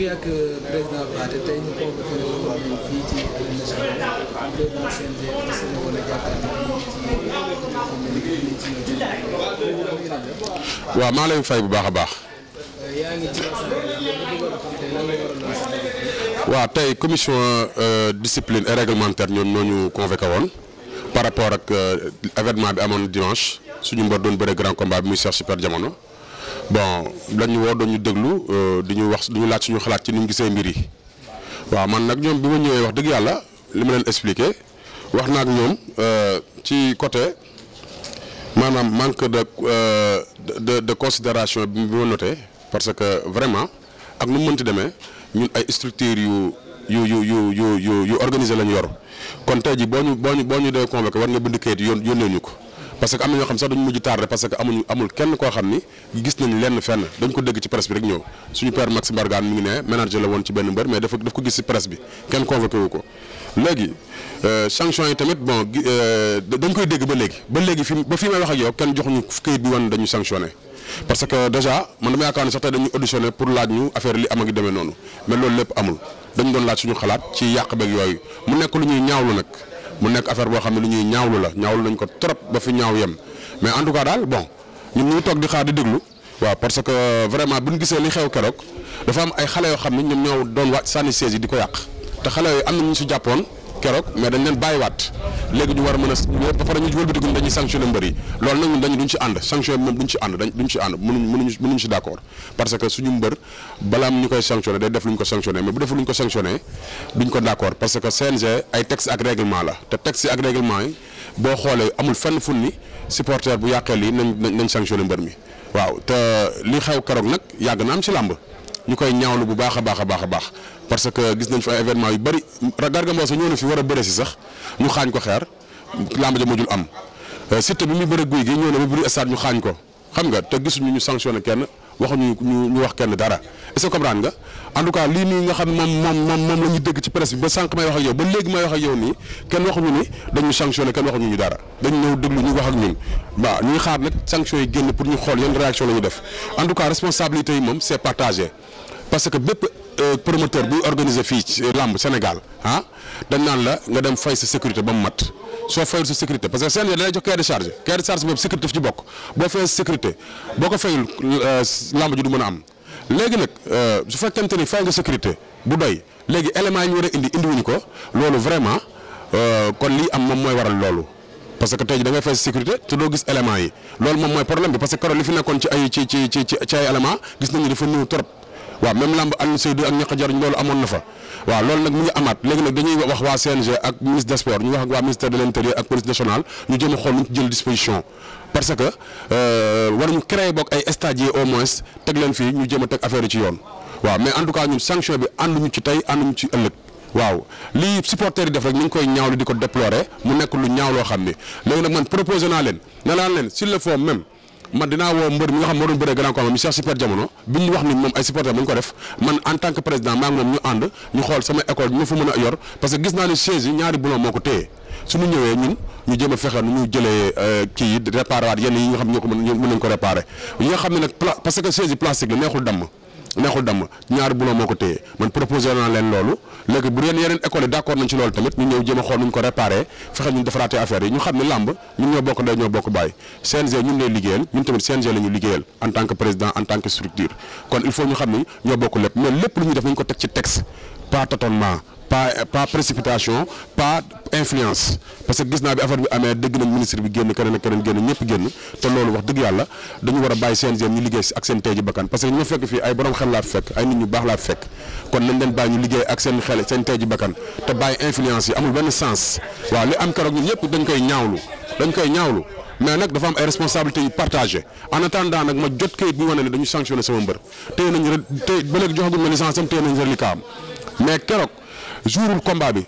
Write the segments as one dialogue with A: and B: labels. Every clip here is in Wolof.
A: liggéey euh,
B: waaw maa leen fay bu baax a baax. waa euh, ngi tey commission euh, discipline et réglementaire ñoom ñoo ñu convoqué woon par rapport ak événement bi amoon dimanche suñu mbor doon bëre grand combat bi muy Cheikh Super Jamono. bon dañu woo doon ñu déglu euh, du ñu wax di ñu laaj suñu xalaat ci ni ñu gisee mbir yi waaw man nag ñoom bi ma ñëwee wax dëgg yàlla li ma leen expliqué wax naa ak ñoom euh, ci côté maanaam manque de euh, de de considération bi ma noté parce que vraiment ak nu mu mënti demee ñun ay structures yu yu yu yu yu yu yu organisé lañu yor kon tey ji boo ñu boo ñu boo ñu dee convoqué war nga bind kayit yónnee ñu ko. parce que am na ñoo xam sax dañu mujj tardé parce que amuñu amul kenn koo xam ni gis nañ lenn fenn dañ ko dégg ci presse bi rek ñëw suñu père Maxime Bargane mi ngi ne manager la woon ci benn mbër mais dafa daf ko gis ci presse bi kenn convoqué ko. léegi euh, sanction yi tamit bon euh, dañ koy dégg ba léegi ba léegi fi ba fii may wax ak yow kenn joxuñu këyit bi wan dañu sanctionné parce que déjà man dama yaakaar ne sax tey dañu pour laaj ñu affaire li am ak demee noonu mais loolu lépp amul dañu doon laaj suñu xalaat ci yàq beeg yooyu mu nekk lu ñuy ñaawlu nag. mu nekk affaire boo xam ne lu ñuy ñaawlu la ñaawlu nañ ko trop ba fi ñaaw yem mais en tout cas daal bon ñun ñu toog di xaar di déglu waaw parce que vraiment bu ñu gisee li xew keroog dafa am ay xale yoo xam ne ñoom ñoo doon wàcc sànni siège yi di ko yàq te xale yooyu am na ñu si jàppoon keroog mais dañ leen bàyyiwaat léegi ñu war a mën a ba pare ñu wëlbatiku ñu dañuy sanctionné mbër yi loolu nag ñun ci ànd sanction moom duñ ci ànd dañ duñ ci ànd mënuñ mënuñ mënuñ si d' accord parce que suñu mbër balaam ñu koy sanctionné day def lu ñu ko sanctionné mais bu def lu ñu ko sanctionné duñ ko d' accord parce que CNG ay texte ak règlement la te texte ak règlement yi boo xoolee amul fenn fun ni supporter bu yàqee lii nañ nañ sanctionné mbër mi waaw te li xew keroog nag yàgg na am ci làmb ñu koy ñaawlu bu baax a baax a baax a baax parce que gis nañ fi ay événement yu bëri Garga Mbossé ñëw na fi war a bëre si sax ñu xaañ ko xeer làmb ja mujjul am euh, Siteu bi muy bëre guy gi ñëw na ba biir stade ñu xaañ ko xam nga te gisuñu ñu sanctionné kenn waxuñu ñu ñu wax kenn dara est-ce que comprendre nga xam moom moom moom moom la ñu ci presse bi ba sànq may wax ak yow ba léegi may wax ak yow nii waxuñu ñu dara dañu ñëw déglu ñu wax ak ñun waaw ñuy xaar nag sanction yi génn pour ñu xool yan réaction la ñu def en tout cas responsabilité yi moom c'est partagé parce que bépp euh, promoteur buy organiser fii ci euh, làmb Sénégal ah dañ naan la nga dem fay sa sécurité ba mu mat soo fayul sa sécurité parce que seen yéen da lay jox cahier de charge cahier charge boobu sécurité daf ci bokk boo fayee sa sécurité boo ko fayul euh, làmb ji du mën a am léegi nag su fekkente ni fay nga sécurité bu doy léegi éléments yi ñu war a indi indiwuñu ko loolu vraiment kon lii am moom mooy waral loolu. parce que tey jii da fay sécurité te doo gis éléments yi loolu moom mooy problème bi parce que keroog fi nekkoon ci ay ci ci ci ci ay trop. waaw même lamb Alioune Seydi ak ñaq jariñ loolu amoon na fa waaw loolu nag mu ngi amaat léegi nag dañuy wax waa CNG ak ministre des ñu wax waa ministère de l'intérieur ak police nationale ñu jëm a xool ñu ci jël disposition parce que euh, war nañu créer boog ay stades au moins teg leen fii ñu jëm a teg affaire ci yoon waaw mais en tout cas ñun sanction bi ànduñu ci tey ànduñu ci ëllëg waaw lii supporters yi def rek ñu ngi koy ñaaw ñaawlu di ko déplorer mu nekk lu ñaaw loo xam ne léegi nag man proposé naa leen ne laan leen s'il le faut même man dinaa woo mbër mi nga xam moo doon bëree grand combat mi Cheikh Super Jamono bi ñu wax ni moom ay supporter mu ngi ko def man en ñu ànd ñu xool sama école ñu fa mën a yor parce que gis naa ne chaise yi ñaari boulon moo ko téye suñu ñëwee ñun ñu jéem a fexe nu ñu jëlee euh, kii yi réparé waat yi nga xam ñoo ko mën mën nañ ko réparé yi nga xam ne nag parce que chaise yi plastique la neexul damm neexul damm ñaar buloo moo ko téye man proposé naa leen loolu léegi bu yeneen école yi d'accord nañ ci loolu tamit ñu ñëw jéem a xool nu ñu ko réparé fexe ñun defaraatee affaire yi ñu xam ne làmb ñun ñoo bokk ndey ñoo bokk bàyyi CNG ñun lay liggéeyal ñun tamit CNG la ñu liggéeyal en tant que président en tant que structure kon il faut ñu xam ne ñoo bokk lépp mais lépp lu ñuy def nañ ko teg ci texte pas tâtonnement pas pas précipitation pas influence parce que gis naa bi affaire bi amee dëgg na ministre bi génn keneen ak keneen génn ñëpp génn te loolu wax dëgg yàlla dañu war a bàyyi seen ñu liggéey si ak seen tey ji bakkan parce que ñu ma fekk fii ay borom xel laa fekk ay nit ñu baax laa fekk kon nañ leen bàyyi ñu liggéey ak seen xel seen tey ji bakkan te bàyyi influence yi amul benn sens waaw li am keroog ñun ñëpp dañ koy ñaawlu dañ koy ñaawlu mais nag dafa ay responsabilités yu partagé en attendant nag ma jot kayit bu wane ne dañu sanctionné sama mbër téye nañ téye ba am mais keroog jourul combat bi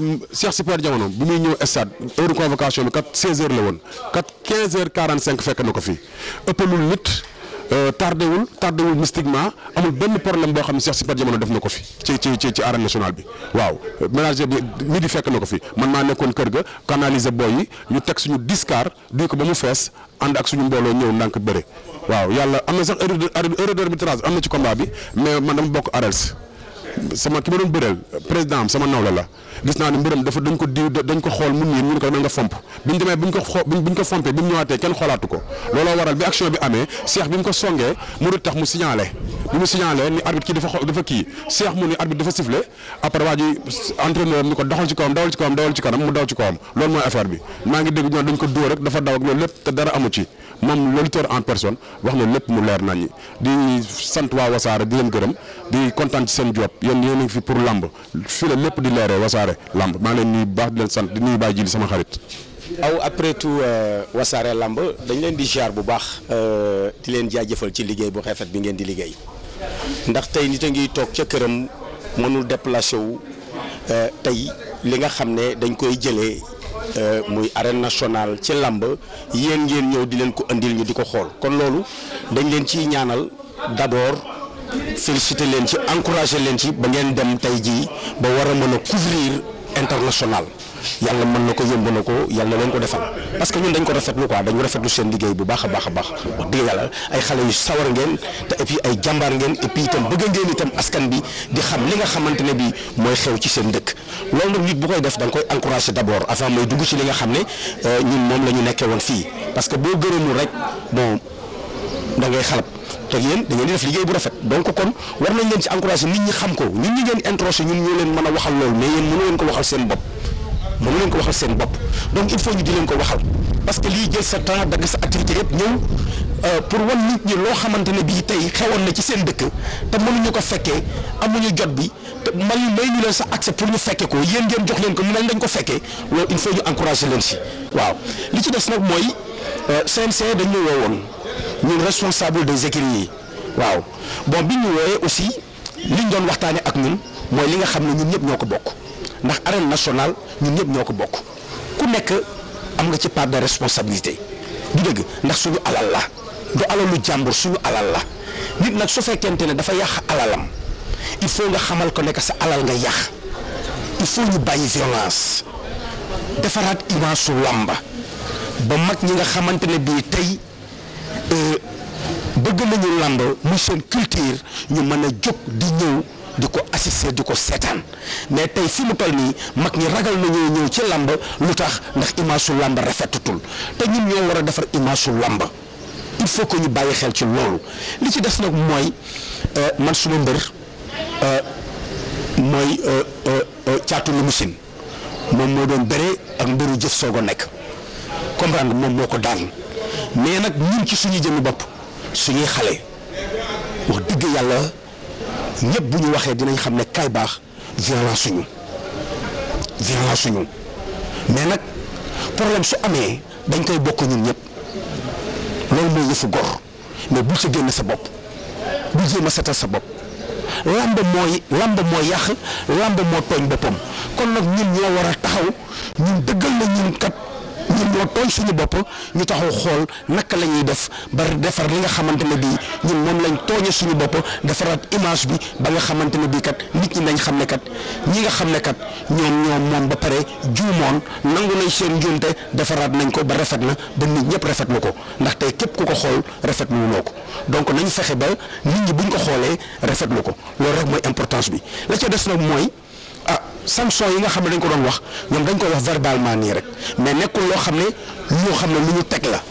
B: euh, Cheikh Super Jamono bu muy ñëw stade heure convocation bi kat 16h la woon kat 15h45 fekk na ko fii ëppalul nit euh, tardewul tardewul mystiquement amul benn problème boo xam ne Cheikh Super Jamono def na ko fi ci ci ci ci arène nationale bi waaw ménager bi mi di fekk na ko fi man maa nekkoon kër ga canaliser boy yi ñu teg suñu discar duy ko ba mu fees ànd ak suñu mbooloo ñëw ndànk bëre waaw yàlla am na sax erreur erreur d'arbitrage am na ci combat bi mais man bokk ARELS sama ki ma doon bëreel président am sama nawla la gis naa ne mbiram dafa dañ ko diw dañ ko xool mu niin ñu ne ko da nga fomp bi ñu demee bi ñu ko xoo bi ñu ko fompee bi mu ñëwaatee kenn xoolaatu ko looloo waral bi action bi amee ko songee mu du mu signalé bi mu signalé ni arbitre dafa dafa kii seex mu ni arbitre dafa sifflé ko doxal ci kawam dawal ci kawam dawal ci kanam mu daw ci kawam loolu mooy affaire bi maa ngi dégg ñoom dañ ko dóor rek dafa daw ak loolu lépp te dara amu ci moom l'auditeur en personne wax na lépp mu leer naññi di sant waa wasaare di leen këram di kontaan ci seen job yéen yéen a fi pour lamb fii la lépp di leeree wasaare lamb maa leen nuyu baax di leen sant di nuyu Baye Djili sama xarit.
A: aw après tout euh, wasaare lamb dañ leen di ziar bu baax euh, di leen jaajëfal ci liggéey bu rafet bi ngeen di liggéey ndax tey nit a ngi toog ca këram mënul déplacé wu euh, tey li nga xam ne dañ koy jële Euh, muy arène nationale ci làmb yéen ngeen ñëw di leen ko indil ñu di ko xool kon loolu dañ leen ciy ñaanal d'abord féliciter leen ci encourager leen ci ba ngeen dem tey jii ba war a mën a couvrir international yàlla mën na ko yëmb na ko yàlla leen ko defal parce que ñun dañ ko rafetlu quoi dañu rafetlu seen liggéey bu baax a baax a baax wax dëgg yàlla ay xale yu sawar ngeen te et ay jàmbaar ngeen et puis itam bëgg ngeen itam askan bi di nga xamante ne bi mooy xew ci seen dëkk loolu nag nit bu koy def da nga koy encouragé d'abord avant mooy dugg ci li nga xam ne euh, moom la ñu nekkee woon fii parce que boo gërëmul rek bon da ngay xalab te yéen da def liggéey bu rafet donc kon war nañ leen ci encouragé nit ñi xam ko ñun ñi ngeen introsé ñun ñoo leen mën a waxal loolu mais yéen mënu leen ko waxal seen bopp mënu lañ ko waxal seen bopp donc il faut ñu di leen ko waxal parce que lii jël sa temps dagg sa activité yëpp ñëw euh, pour wan nit ñi loo xamante ne bii tey xewoon na ci seen dëkk te mënuñu ko fekkee amuñu jot bi te may may ñu leen sa accès pour fekkee ko yéen ngeen jox leen ko ñu mel dañ ko fekkee loolu il faut ñu encourager leen si waaaaw li ci des nag mooy seen euh, CNC dañu woo woon ñun responsable des écuries yi waaw bon bi ñu wooyee aussi liñ doon waxtaanee ak ñun mooy li nga xam ne ñun ñëpp ñoo ko bokk ndax arène nationale ñun ñëpp ñoo ko bokk ku nekk am nga ci part de responsabilité du dëgg ndax suñu alal la du alalu jàmbur suñu alal la nit nag su fekkente ne dafa yàq alalam il faut nga xamal ko nekk sa alal nga yàq il faut ñu bàyyi violence defaraat image su ba mag ñi nga xamante ne bii tey euh, bëgg nañu làmb muy seen culture ñu mën a jóg di ñëw. di ko assister di ko seetaan mais tey fi mu toll nii mag ñi ragal nañoo ñëw ci làmb lu tax ndax image su làmb rafetatul te ñun ñoo war a defar image su làmb il faut que ñu bàyyi xel ci loolu li ci des nag mooy euh, man suma mbër euh, mooy caatu lu musin moom moo doon bëree ak mbëru jëf soog a nekk comprendre moom moo ko daan mais nag ñun ci suñu jëmi bopp suñuy xale wax dëgg yàlla. ñëpp bu ñu waxee dinañ xam ne kay baax violence suñu violence suñu mais nag problème su amee dañ koy bokk ñun ñëpp loolu mooy yëfu gor mais bul si génne sa bopp bul jéem ma setal sa bopp lamb moo lamb mooy yàq lamb moo tooñ boppam kon nag ñun ñoo war a taxaw ñun dëggal na kat. ñun ñoo tooñ suñu bopp ñu taxaw xool naka la ñuy def ba defar li nga xamante ne bii ñun moom lañ tooñe suñu bopp defaraat image bi ba nga xamante ne bii kat nit ñi nañ xam ne kat ñi nga xam ne kat ñoom ñoom moom ba pare juumoon nangu nañ seen njuumte defaraat nañ ko ba rafet na ba nit rafet rafetlu ko ndaxte képp ku ko xool rafetlu loo ko donc nañ fexe ba nit ñi buñ ko xoolee rafet lu ko loolu rek mooy importance bi la ca des nag mooy. sanction yi nga xam ne dañ ko doon wax ñoom dañ ko wax verbalement nii rek mais nekkul loo xam ne loo xam ne lu ñu teg la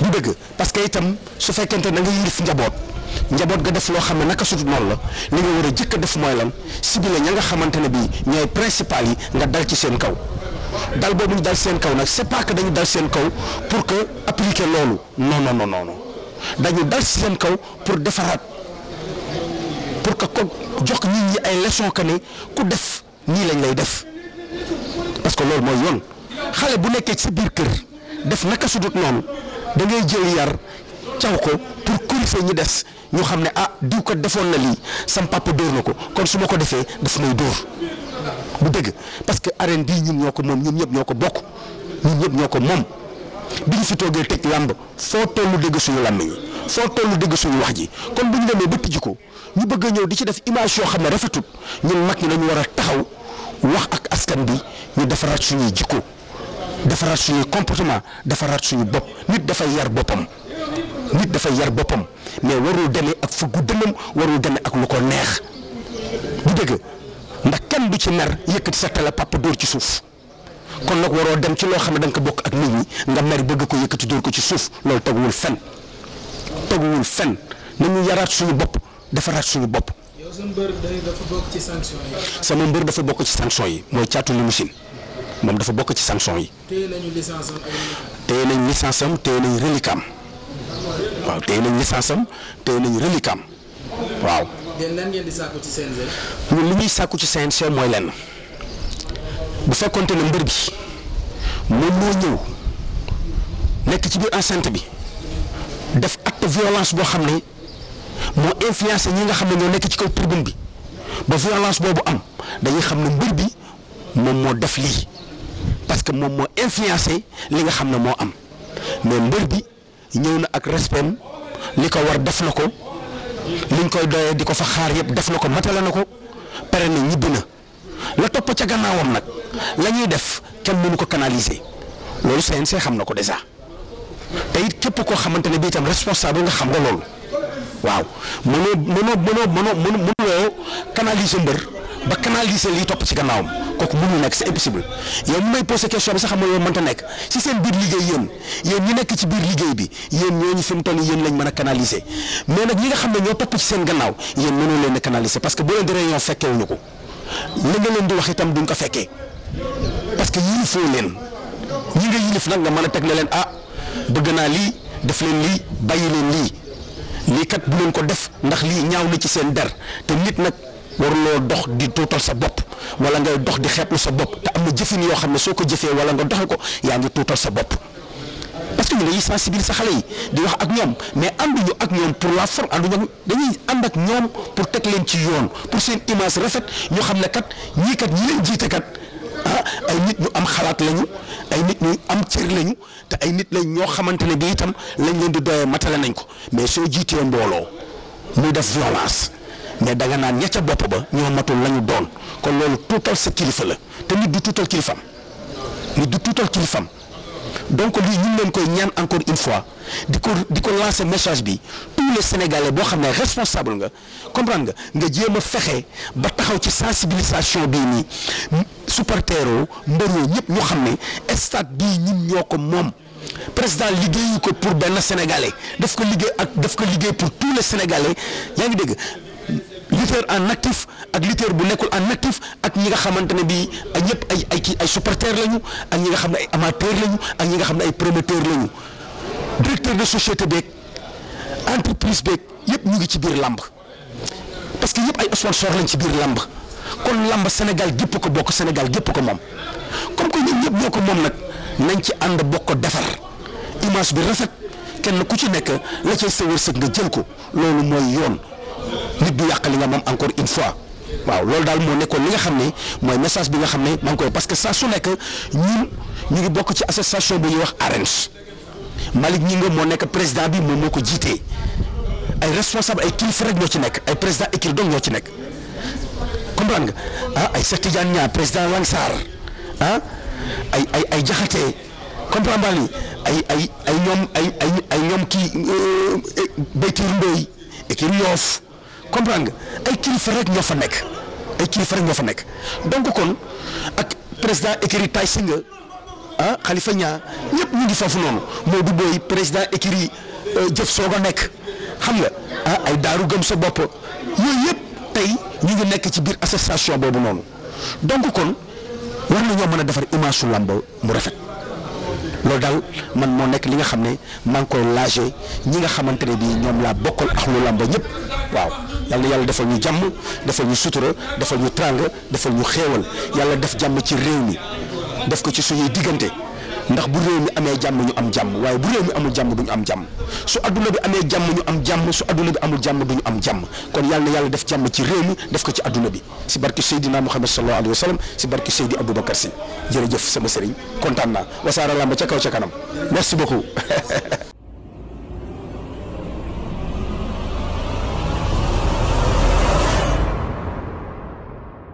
A: du dëgg parce que itam su fekkente da nga yilif njaboot njaboot nga def loo xam ne naka sutut noonu la li nga war a jëkk def mooy lan sibile ña nga xamante ne bii ñooy principal yi nga dal ci seen kaw dal boobu ñu dal seen kaw nag c'est pas que dañu dal seen kaw pour que appliquer loolu non non non non dañu dal ci seen kaw pour defaraat pour que ko jox nit ñi ay leçon que ne ku def. nii lañ lay def parce que loolu mooy yoon xale bu nekkee ci biir kër def naka su noonu dangay ngay jël yar caw ko pour corriger ñi des ñoo xam ne ah diw ko defoon na lii sam papa dóor na ko kon su ma ko defee daf may dóor bu dëgg parce que arène bii ñun ñoo ko moom ñun ñëpp ñoo ko bokk ñun ñëpp ñoo ko moom. bi ñu fi toogee teg làmb foo tollu dégg suñu làmmiñ yi foo tollu dégg suñu wax ji kon bu ñu demee ba tijji ko ñu bëgg a ñëw di ci def image yoo xam ne rafetul ñun mag ñi dañu war a taxaw wax ak askan bi ñu defaraat suñu jikko defaraat suñu comportement defaraat suñu bopp nit dafay yar boppam nit dafay yar boppam mais warul demee ak fukk dënnam warul demee ak lu ko neex bu dëgg ndax kenn du ci mer yëkkati sa télé papa dóor ci suuf. kon nag waroo dem ci loo xam ne da ko bokk ak nit ñi nga mer bëgg ko yëkkati dóor ko ci suuf loolu teguwul fen teguwul fen nañu yaraat suñu bopp defaraat suñu bopp. yow sa dafa bokk ci sanction yi. sama mbër dafa bokk ci sanction yi mooy caatu limousine moom dafa bokk ci sanction yi. téye nañu licence am téye nañ licence am téye am waaw téye nañ licence am téye nañ am waaw. ngeen lan ngeen di sàkku li ñuy sàkku ci CNG mooy lenn. bu fekkonte ne mbër bi moom moo ñëw nekk ci biir enceinte bi def acte violence boo xam ne moo influencé ñi nga xam ne ñoo nekk ci kaw tribune bi ba violence boobu am dañuy xam ne mbër bi moom moo def lii parce que moom moo influencé li nga xam ne moo am mais mbër bi ñëw na ak respect li ko war def na ko liñ koy doyee di ko fa xaar yëpp def na ko matale na ko pare na ñibbi na la topp ca gannaawam nag. la ñuy def kenn mënu ko canaliser loolu CNC xam na ko déjà te it képp koo xamante ne bii itam responsable nga xam nga loolu waaw mënoo mënoo mënoo mënoo mënuloo canaliser mbër ba canaliser liy topp ci gannaawam kooku mënul nekk c'est impossible yow mu may posé question bi ci biir liggéey bi yéen ñooñu fi mu toll yéen lañ a canaliser mais nag ñi nga xam ne ñoo topp ci seen gannaaw yéen mënoo leen a canaliser parce que boo leen di fekkewuñu ko la leen di wax itam duñ ko fekkee. parce que yilifoo leen ñi nga yilif nag nga mën a teg ne leen ah bëgg naa lii def leen lii bàyyi leen lii lii kat bu leen ko def ndax lii ñaaw na ci seen der te nit nag waruloo dox di tuutal sa bopp wala ngay dox di xeeblu sa bopp te am na jëfin yoo xam ne soo ko jëfee wala nga doxe ko yaa ngi tuutal sa bopp parce que ñu dañuy sa xale yi di wax ak ñoom mais ànduñu ak ñoom pour la forme ànduñu dañuy ànd ak ñoom pour teg leen ci yoon pour seen image rafet ñu xam ne kat ñii ñi leen kat. ay nit ñu am xalaat lañu ay nit ñu am cër lañu te ay nit lañ ñoo xamante ne bi itam lañ leen di doyee matale nañ ko mais soo jiitee mbooloo muy def violence mais danga naan ña ca bopp ba ñoo matul la ñu doon kon loolu tuutal sa kilifa la te nit du tuutal kilifam nit du tuutal kilifam. donc lii ñu ngi leen koy ñaan encore une fois di ko di ko message bi tous les sénégalais boo xam ne responsable nga comprend nga nga jéem a fexe ba taxaw ci sensibilisation bii nii supportero mbëroo ñëpp ñu xam ne stade bii ñun ñoo ko moom. président liggéeyu ko pour benn sénégalais daf ko liggéey ak daf ko liggéey pour tous les sénégalais yaa ngi dégg lutteur en actif ak lutteur bu nekkul en actif ak ñi nga xamante ne bii ñëpp ay ay kii ay supporteurs lañu ak ñi nga xam ne ay amateurs lañu ak ñi nga xam ne ay promoteurs lañu directeur de société beeg entreprise beeg yëpp ñu ngi ci biir làmb parce que yëpp ay sponsor lañ ci biir làmb kon làmb Sénégal gépp ko bokk Sénégal gépp ko moom comme que ñun ñëpp ñoo ko moom nag nañ ci ànd bokk ko defar image bi rafet kenn ku ci nekk la cay sa wërsëg nga jël ko loolu mooy yoon. nit du yàq li nga moom encore une fois waaw loolu daal moo nekkoon li nga xam ne mooy message bi nga xam ne maa ngi koy parce que saa su nekk ñun ñu ngi bokk ci association bu ñuy wax AREMS Malick Gningue moo nekk président bi moom moo ko jiitee ay responsable ay kii rek ñoo ci nekk ay président écrit donc ñoo ci nekk comprendre nga ah ay Cheikh Tidiane Niang président Wang Sarr ah, ay ay ay jaxate ay ay ay ñoom ay ay ñoom kii euh, Baytir Ndoy écrit Yoof comprendre nga ay kilifa rek ñoo fa nekk ay kilifa rek ñoo fa nekk donc kon ak président écurie Tay Shinger ah Khalifa Niang ñëpp ñu ngi foofu noonu moo bu booy président écurie jëf soog a nekk xam nga ah ay daaru gëm sa bopp yooyu yëpp tey ñu ngi nekk ci biir association boobu noonu donc kon war ñoo mën a defar image su làmb mu rafet. loolu daal man moo nekk li nga xam ne maa ngi koy laajee ñi nga xamante ne bii ñoom laa bokkal ak lu làmb ñëpp waaw yàlla yàlla defal ñu jàmm defal ñu sutura defal ñu trang defal ñu xéewal yàlla def jàmm ci réew mi def ko ci suñuy diggante. ndax bu réew mi amee jàmm ñu am jàmm waaye bu réew mi amul jàmm du ñu am jàmm su adduna bi amee jàmm ñu am jàmm su adduna bi amul jàmm du ñu am jàmm kon yàlla na yàlla def jàmm ci réew mi def ko ci adduna bi si barki Seydina Muhammad sallallahu alayhi wa sallam si barki Seydi Aboubacar si jëf sama sëriñ kontaan naa wasaare làmb ca kaw ca kanam merci beaucoup.